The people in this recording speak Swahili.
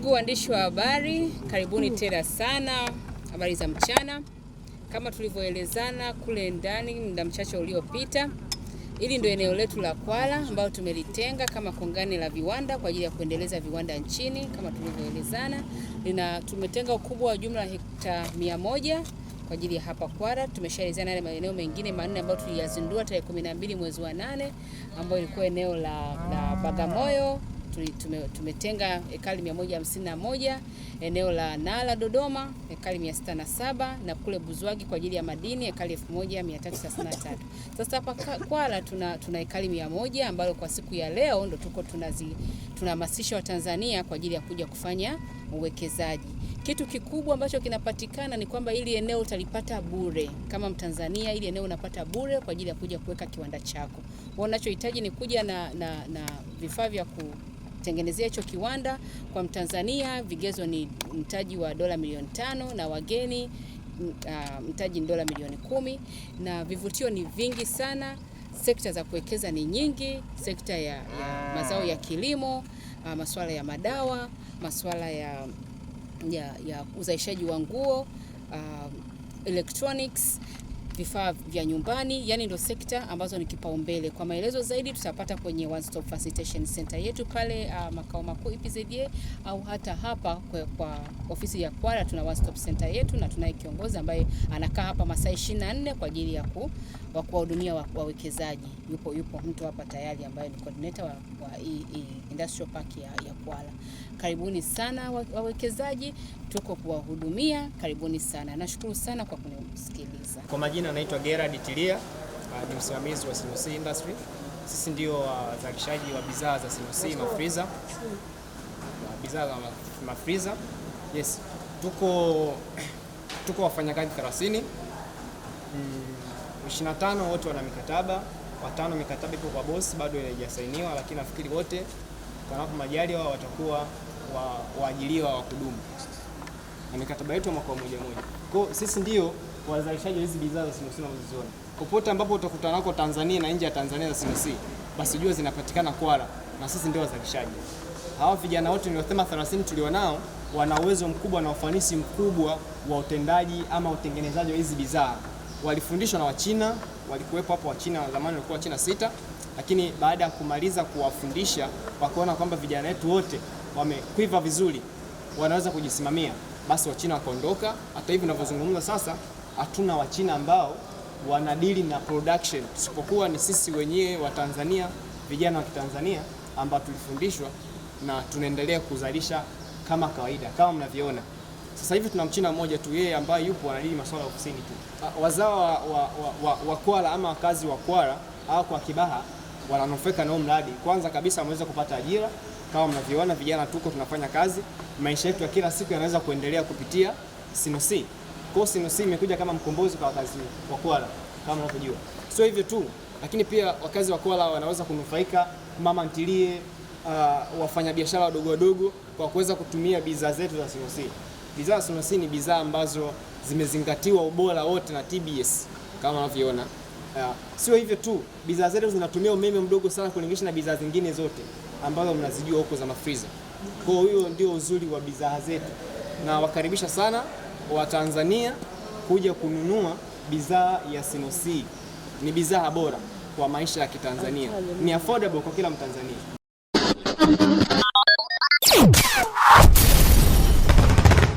Ndugu waandishi wa habari, karibuni tena sana. Habari za mchana. Kama tulivyoelezana kule ndani muda mchache uliopita, hili ndio eneo letu la Kwala ambalo tumelitenga kama kongani la viwanda kwa ajili ya kuendeleza viwanda nchini. Kama tulivyoelezana, lina tumetenga ukubwa wa jumla hekta mia moja kwa ajili ya hapa Kwala. Tumeshaelezana yale maeneo mengine manne ambayo tuliyazindua tarehe 12 mwezi wa 8 ambayo ilikuwa eneo la, la Bagamoyo tumetenga ekari 151 eneo la Nala Dodoma ekari 667 na kule Buzwagi kwa ajili ya madini ekari 1333. Sasa hapa Kwala tuna, tuna ekari 100 ambalo kwa siku ya leo ndo tuko tunahamasisha Watanzania kwa ajili ya kuja kufanya uwekezaji. Kitu kikubwa ambacho kinapatikana ni kwamba ili eneo utalipata bure kama Mtanzania, ili eneo unapata bure kwa ajili ya kuja kuweka kiwanda chako. Unachohitaji ni kuja na, na, na vifaa vya ku kutengenezea hicho kiwanda kwa Mtanzania vigezo ni mtaji wa dola milioni tano na wageni uh, mtaji ni dola milioni kumi na vivutio ni vingi sana. Sekta za kuwekeza ni nyingi, sekta ya, ya mazao ya kilimo uh, ah, masuala ya madawa, masuala ya, ya, ya uzalishaji wa nguo uh, electronics vifaa vya nyumbani, yani ndio sekta ambazo ni kipaumbele. Kwa maelezo zaidi tutapata kwenye One Stop Facilitation Center yetu pale uh, makao makuu EPZA au hata hapa kwa, kwa ofisi ya Kwara tuna One Stop Center yetu na tunaye kiongozi ambaye anakaa hapa masaa 24 kwa ajili ya kuwahudumia wawekezaji. Yupo, yupo mtu hapa tayari ambaye ni coordinator wa, wa, i, e i, e, industrial park ya, ya Kwara. Karibuni sana wawekezaji tuko kuwahudumia. Karibuni sana, nashukuru sana kwa kunisikiliza. Kwa majina naitwa Gerard Tilia, uh, ni msimamizi wa CNC Industry. Sisi ndio uh, wazalishaji wa bidhaa za CNC mafriza, uh, bidhaa za mafriza. Yes, tuko tuko wafanyakazi 30 25 mm, wote wana mikataba, watano mikataba ipo kwa bosi bado haijasainiwa, lakini nafikiri wote panapo wao watakuwa waajiliwa wa kudumu na mikataba yetu ya mwaka mmoja mmoja. Kwa hiyo sisi ndio wazalishaji wa hizi bidhaa za CMC unazoziona. Popote ambapo utakutana nako Tanzania na nje ya Tanzania za CMC, basi jua zinapatikana Kwala na sisi ndio wazalishaji. Hawa vijana wote niliosema 30 tulio nao wana uwezo mkubwa na ufanisi mkubwa wa utendaji ama utengenezaji wa hizi bidhaa. Walifundishwa na Wachina, walikuwepo hapo Wachina wa zamani, walikuwa Wachina sita, lakini baada ya kumaliza kuwafundisha wakaona kwamba vijana wetu wote wamekwiva vizuri, wanaweza kujisimamia basi Wachina wakaondoka. Hata hivi ninavyozungumza sasa, hatuna Wachina ambao wanadili na production, isipokuwa ni sisi wenyewe wa Tanzania, vijana wa Kitanzania ambao tulifundishwa na tunaendelea kuzalisha kama kawaida, kama mnavyoona sasa hivi tuna mchina mmoja tu yeye ambaye yupo anadili masuala ya ofisini tu. wazao wa, wa, wa, wa Kwala ama wakazi wa Kwala au kwa Kibaha wananofeka nao mradi, kwanza kabisa wameweza kupata ajira kama mnavyoona vijana tuko tunafanya kazi, maisha yetu ya kila siku yanaweza kuendelea kupitia SinoC. Kwa SinoC imekuja kama mkombozi kwa wakazi wa Kwala kama mnavyojua. Sio hivyo tu, lakini pia wakazi wa Kwala wanaweza kunufaika, mama ntilie, uh, wafanyabiashara wadogo wadogo kwa kuweza kutumia bidhaa zetu za SinoC. Bidhaa za ni bidhaa ambazo zimezingatiwa ubora wote na TBS kama unavyoona sio hivyo tu, bidhaa zetu zinatumia umeme mdogo sana kulinganisha na bidhaa zingine zote ambazo mnazijua huko za mafriza. Kwa hiyo hiyo ndio uzuri wa bidhaa zetu, na wakaribisha sana Watanzania kuja kununua bidhaa ya Sinosi. Ni bidhaa bora kwa maisha ya Kitanzania, ni affordable kwa kila Mtanzania.